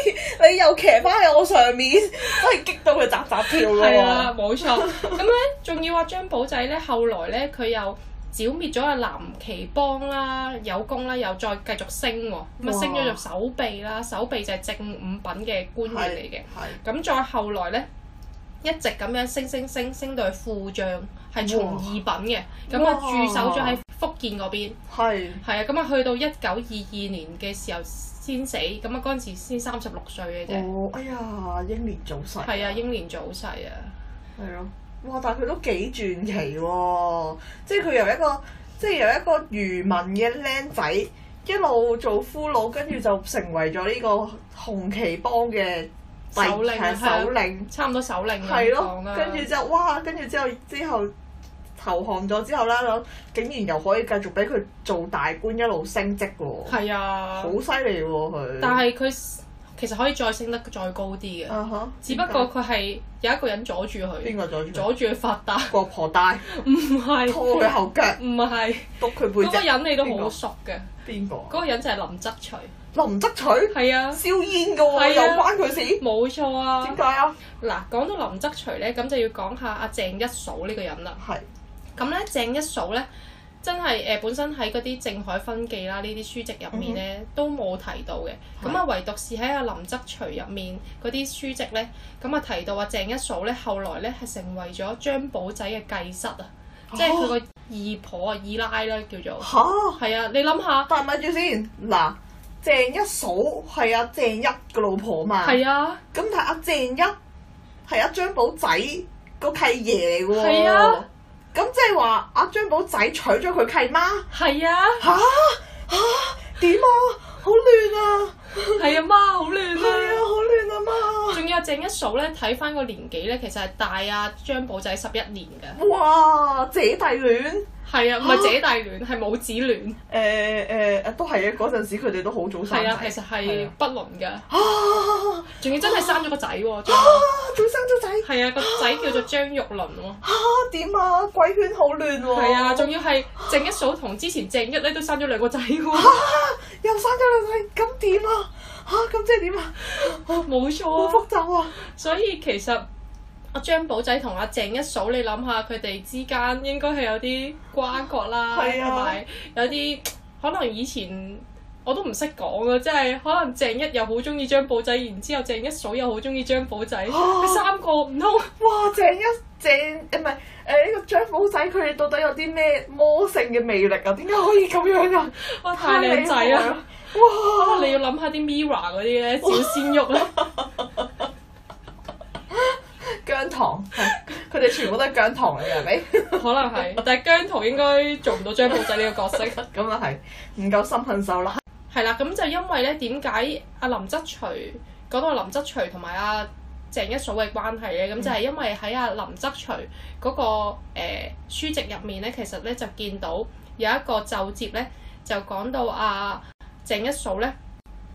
B: 你又騎翻喺我上面，真係激到佢扎扎跳咯～係啦、 啊，冇錯。咁咧， 仲要話張保仔咧，後來咧佢又剿滅咗阿藍旗幫啦，有功啦，又再繼續升喎，咁啊哇升咗做手臂啦，手臂就係正五品嘅官員嚟嘅。係。咁再後來咧。一直咁樣升升升升，升到去副將，係從二品嘅，咁啊駐守咗喺福建嗰邊，係哇，係啊，咁啊去到一九二二年嘅時候先死，咁啊嗰陣時先三十六歲嘅啫。哦，哎呀，英年早逝。係啊，英年早逝啊。係咯，
A: 哇！但係佢都幾傳奇喎，即係佢由一個即係由一個漁民嘅僆仔一路做俘虜，跟住就成為咗呢個紅旗幫嘅。
B: 首領首領，差唔多首領咁講啦。跟住之後，
A: 哇！跟住之後，之後投降咗之後啦，竟然又可以繼續俾佢做大官，一路升職喎。係
B: 啊！好
A: 犀利喎，佢。但係
B: 佢其實可以再升得再高啲嘅。啊哈！只不過佢係有一個人阻住佢。邊
A: 個阻住？阻住佢發達。個婆大。唔係。拖佢後腳。唔係。督佢背脊。嗰個人你都好熟
B: 嘅。邊個？嗰個人就係林則徐。林則徐係啊，燒煙噶喎，又關佢事，冇錯啊。點解啊？嗱，講到林則徐咧，咁就要講下阿鄭一嫂呢個人啦。係。咁咧，鄭一嫂咧，真係誒本身喺嗰啲《靖海分記》啦呢啲書籍入面咧，都冇提到嘅。咁啊，唯獨是喺阿林則徐入面嗰啲書籍咧，咁啊提到話鄭一嫂咧，後來咧係成為咗張保仔嘅繼室啊，即係佢個二婆啊、二奶啦叫做。吓？係啊，你諗下。搭咪住先。嗱。鄭一嫂係阿鄭
A: 一個老婆嘛？係啊。咁但係阿鄭一係阿張保仔個契爺嚟喎。係啊。咁即係話阿張保仔娶咗佢契媽。
B: 係啊。吓、啊？嚇、啊、點啊？好亂啊！係 啊，媽好亂啊！係啊，好亂啊，媽！仲有鄭一嫂咧，睇翻個年紀咧，其實係大阿張保仔十一年嘅。哇！姐弟戀。係啊，唔係姐弟戀，係
A: 母子戀。誒誒誒，都係嘅嗰陣時，佢哋都好早生仔。係啊，其實
B: 係不倫嘅。仲 要真係生咗個仔喎。 啊！仲生咗仔。係 啊，個仔叫做張玉麟喎。點啊！鬼圈好亂喎。係啊，仲要係鄭一嫂同之前鄭一咧都生咗兩個仔喎。 又生咗兩個仔，咁點啊？嚇！咁即係點啊？啊冇錯。好 複雜啊！所以其實。張寶仔同阿鄭一嫂，你諗下佢哋之間應該係有啲瓜葛啦，係咪？ 有啲可能以前我都唔識講啊！即係可能鄭一又好中意張寶仔，然之後鄭一嫂又好中意張寶仔，佢 三
A: 個唔通哇！鄭一鄭誒唔係誒呢個張寶仔佢哋到底有啲咩魔性嘅魅力啊？點解
B: 可以咁樣啊？
A: 哇！太靚仔啊！
B: 哇！你要諗下啲 Mirror 嗰啲咧小鮮肉啦～ 姜濤係，佢哋 全部都係姜濤嚟嘅，係咪？可能係，但係姜濤應該做唔到張保仔呢個角色 Salz lean、er 啊，咁啊係，唔夠心狠手辣。係啦、啊，咁就因為咧，點解阿林則徐講到林則徐同埋阿鄭一嫂嘅關係咧？咁就係因為喺阿林則徐嗰個誒書籍入面咧，其實咧就見到有一個奏摺咧，就講到阿、啊、鄭一嫂咧，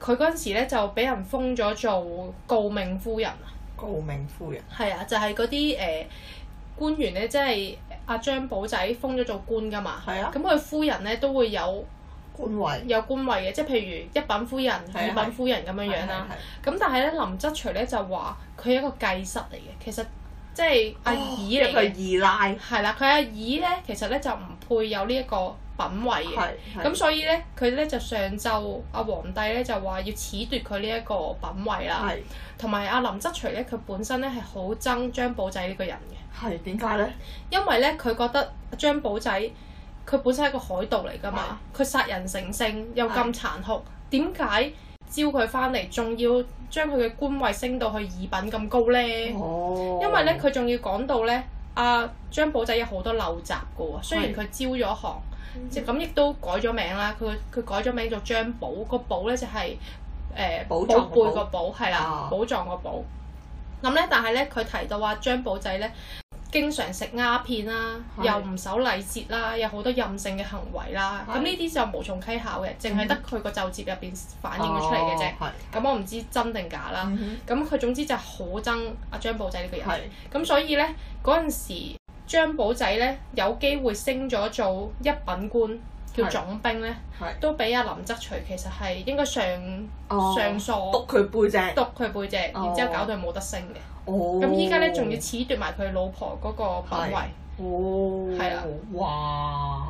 B: 佢嗰陣時咧就俾人封咗做誥命夫人。
A: 誥命夫人
B: 係啊，就係嗰啲誒官員咧，即係阿張保仔封咗做官噶嘛，咁佢、啊、夫人咧都會有官位，有官位嘅，即係譬如一品夫人、二、啊、品夫人咁樣樣啦。咁、啊啊、但係咧，林則徐咧就話佢係一個繼室嚟嘅，其實即係阿二嚟嘅，二奶係啦，佢、啊、阿二咧其實咧就唔配有呢、這、一個。品位嘅。咁， 所以咧佢咧就上奏阿皇帝咧就話要褫奪佢呢一個品位啦，同埋阿林則徐咧，佢本身咧係好憎張保仔呢個人嘅。係點解咧？為呢因為咧佢覺得張保仔佢本身係一個海盜嚟噶嘛，佢殺是人成性又咁殘酷，點解是招佢翻嚟，仲要將佢嘅官位升到去二品咁高咧？哦，因為咧佢仲要講到咧阿張保仔有好多陋習噶喎，雖然佢招咗行。是即咁亦都改咗名啦，佢佢改咗名叫張保，個保咧就係誒寶貝個保，係啦，寶藏個保。咁咧，但係咧，佢提到話張保仔咧，經常食鴉片啦，又唔守禮節啦，有好多任性嘅行為啦。咁呢啲就無從稽考嘅，淨係得佢個奏折入邊反映咗出嚟嘅啫。咁我唔知真定假啦。咁佢總之就好憎阿張保仔呢個人。咁所以咧，嗰陣時。張保仔咧有機會升咗做一品官，叫總兵咧，的都俾阿林則徐其實係應該上、oh, 上疏督佢背脊，督佢背脊，oh. 然之後搞到係冇得升嘅。
A: 咁依家咧仲要
B: 褫奪埋佢老婆嗰個品位。哦，係、
A: oh. 啊的，哇！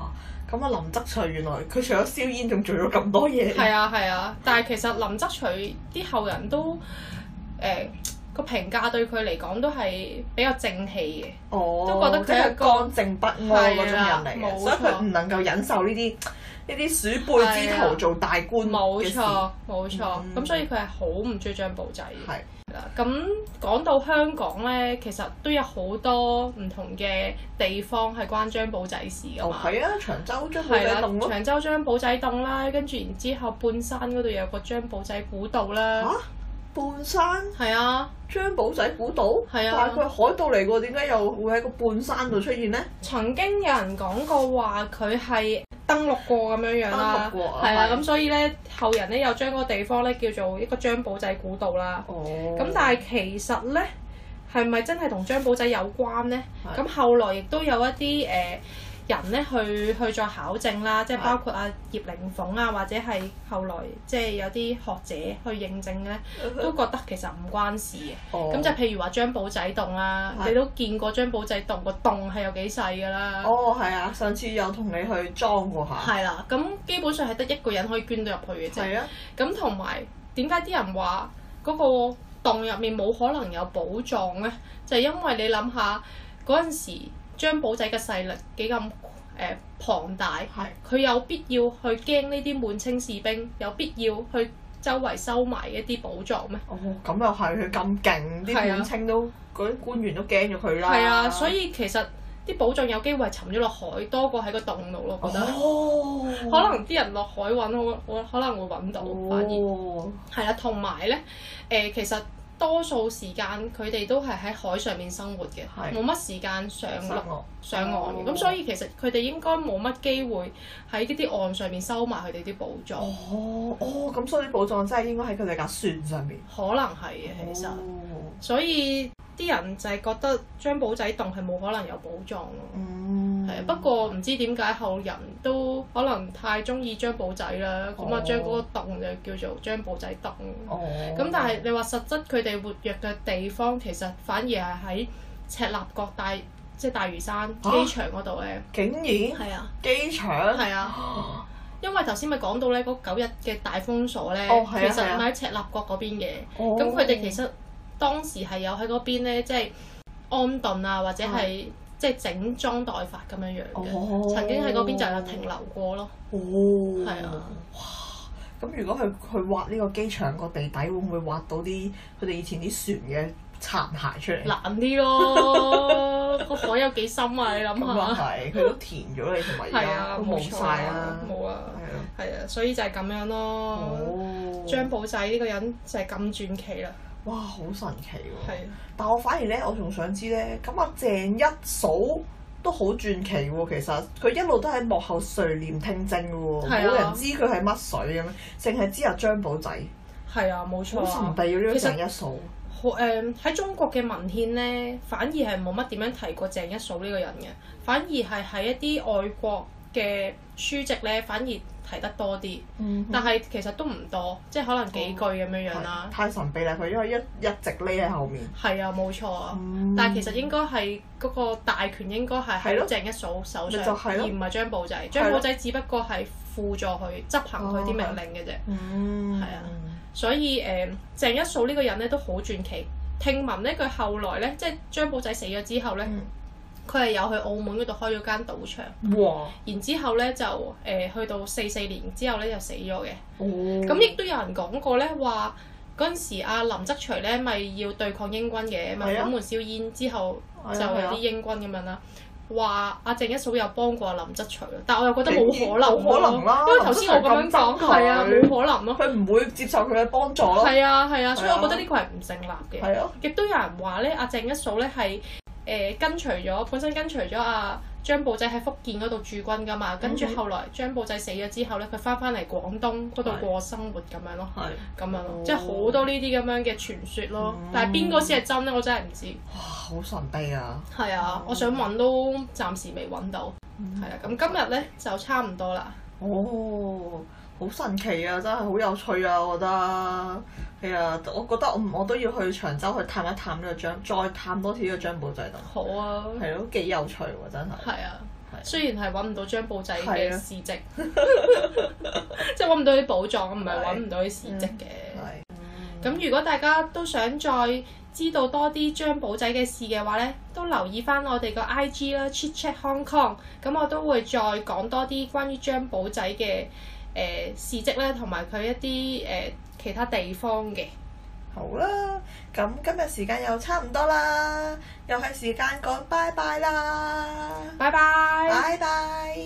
A: 咁啊，林則徐原來佢除咗燒煙，仲做咗咁多嘢。係啊
B: 係啊， 但係其實林則徐啲後人都誒。呃個評價對佢嚟講都係比較正氣嘅，哦、
A: 都覺得佢係乾淨不愛嗰種人嚟冇，所以佢唔能夠忍受呢啲呢啲鼠輩之徒做大官嘅事。冇錯，
B: 冇、嗯、錯，咁、嗯、所以佢係好唔中意張保仔嘅。係啦是，咁講到香港咧，其實都有好多唔同嘅地方係關張保仔事㗎嘛。係啊、哦，長洲張保仔洞，長洲張保仔洞啦，跟住然之後，後，後半山嗰度有個張保仔古道啦。啊
A: 半山？係啊。張保仔古道？係啊。但係佢係海盜嚟喎，點解又
B: 會喺個半山度出現呢？曾經有人講過話，佢係登陸過咁樣樣啦，係啊，咁所以呢，後人呢又將嗰個地方呢叫做一個張保仔古道啦。哦。咁但係其實呢，係咪真係同張保仔有關呢？咁的後來亦都有一啲誒。呃人咧去去再考證啦，即係包括阿、啊、葉靈鳳啊，或者係後來即係有啲學者去認證咧，都覺得其實唔關事嘅。咁、oh. 就譬如話張保仔洞啦、啊，oh. 你都見過張保仔洞個洞係有幾細㗎啦。哦，係啊，上次有同你去裝過下。係、啊、啦，咁、啊、基本上係得一個人可以捐到入去嘅啫。係啊。咁同埋點解啲人話嗰個洞入面冇可能有寶藏咧？就係、因為你諗下嗰陣時。張保仔嘅勢力幾咁誒龐大，佢是的 有必要去驚呢啲滿清士兵？有必要去周圍收埋一啲寶藏咩？
A: 哦，咁又係，佢咁勁，啲滿清都嗰啲是的 官員都驚咗佢啦。係啊，
B: 所以其實啲寶藏有機會沉咗落海多過喺個洞度咯，覺得、哦。可能啲人落海揾，我我可能會揾到反而。哦。係啦，同埋咧，誒、呃、其實。多數時間，佢哋都係喺海上面生活嘅，冇乜是時間上陸。上岸嘅，咁、oh, 所以其實佢哋應該冇乜機會喺呢啲岸上面收埋佢哋啲寶藏。哦，哦，咁所以啲寶藏真係應該喺佢哋架船上面？可能係，oh, 其實，所以啲人就係覺得張保仔洞係冇可能有寶藏咯。哦、
A: um，係
B: 不過唔知點解後人都可能太中意張保仔啦，咁啊將嗰個洞就叫做張保仔洞。哦。咁但係你話實質佢哋活躍嘅地方其實反而係喺赤鱲角大即係大嶼山機場嗰度咧，竟然，係啊，
A: 機場係啊，
B: 因為頭先咪講到咧，嗰九日嘅大封鎖咧，其實喺赤鱲角嗰邊嘅，咁佢哋其實當時係有喺嗰邊咧，即係安頓啊，或者係即係整裝待發咁樣樣嘅，曾經喺嗰邊就有停留過咯。
A: 哦，係啊，哇！咁如果佢佢挖呢個機場個地底，會唔會挖到啲佢哋以前啲船嘅殘骸出嚟？難啲咯～
B: 個火有幾深啊！你諗下，佢
A: 都填咗，你同埋而家都冇晒啦，冇啊，係啊，
B: 所以就係咁樣咯。張保仔呢個人就係咁
A: 傳奇啦。哇！好神奇喎，但我反而咧，我仲想知咧，咁阿鄭一嫂都好傳奇喎。其實佢一路都喺幕後垂簾聽政嘅喎，冇人知佢係乜水咁樣，淨係知阿張保仔係啊，冇錯啊。好神秘嗰啲鄭一嫂。
B: 誒喺、嗯、中國嘅文獻咧，反而係冇乜點樣提過鄭一嫂呢個人嘅，反而係喺一啲外國嘅書籍咧，反而提得多啲。嗯、哼但係其實都唔多，即係可能幾句咁樣樣啦、哦。太神秘啦佢，因為一一直匿喺後面。係啊，冇錯、啊。嗯、但係其實應該係嗰個大權應該係喺鄭一嫂手上，就是、而唔係張保仔。張保仔只不過係輔助佢、嗯、執行佢啲命令嘅啫。係啊、嗯。嗯嗯嗯嗯嗯所以誒、呃，鄭一嫂呢個人咧都好傳奇。聽聞咧，佢後來咧，即係張保仔死咗之後咧，佢係、嗯、有去澳門嗰度開咗間賭場。哇！然之後咧就誒、呃、去到四四年之後咧就死咗嘅。哦！咁亦都有人講過咧話，嗰陣時阿林則徐咧咪要對抗英軍嘅，咪虎門銷煙之後就係啲英軍咁樣啦。哎話阿鄭一嫂有幫過林則徐，但我又覺得冇可能、啊，冇可能啊、因為頭先質我咁樣講係啊，冇、啊、可能
A: 咯、啊。佢唔會接受佢嘅幫助咯、啊。係啊係啊，所以我覺得呢個
B: 係唔成立嘅。係咯、啊，亦都有人話咧，阿鄭一嫂咧係誒跟隨咗本身跟隨咗阿、啊。張保仔喺福建嗰度駐軍㗎嘛，跟住 Okay. 後來張保仔死咗之後咧，佢返返嚟廣東嗰度過生活咁樣咯，咁是樣咯，是即係好多呢啲咁樣嘅傳說咯。嗯、但係邊個先係真咧？我真係唔知。哇！
A: 好神秘啊。
B: 係啊，我想揾都暫時未揾到。係、嗯、啊，咁今日咧就差唔多啦。哦，
A: 好神奇啊！真係好有趣啊，我覺得。係啊，我覺得我我都要去長洲去探一探呢個張，再探多次呢個張保仔度。好啊。係咯，
B: 幾有趣喎！真係。係啊的。的雖然係揾唔到張保仔嘅事蹟，即係揾唔到啲寶藏，唔係揾唔到啲事蹟嘅。係。咁、嗯嗯、如果大家都想再知道多啲張保仔嘅事嘅話咧，都留意翻我哋個 I G 啦 Chit Chat Hong Kong。咁我都會再講多啲關於張保仔嘅誒、呃呃、事蹟咧，同埋佢一啲誒。呃呃其他地方嘅，好啦，咁今日時間又差唔多啦，又係時間講拜
A: 拜啦，拜拜，拜拜。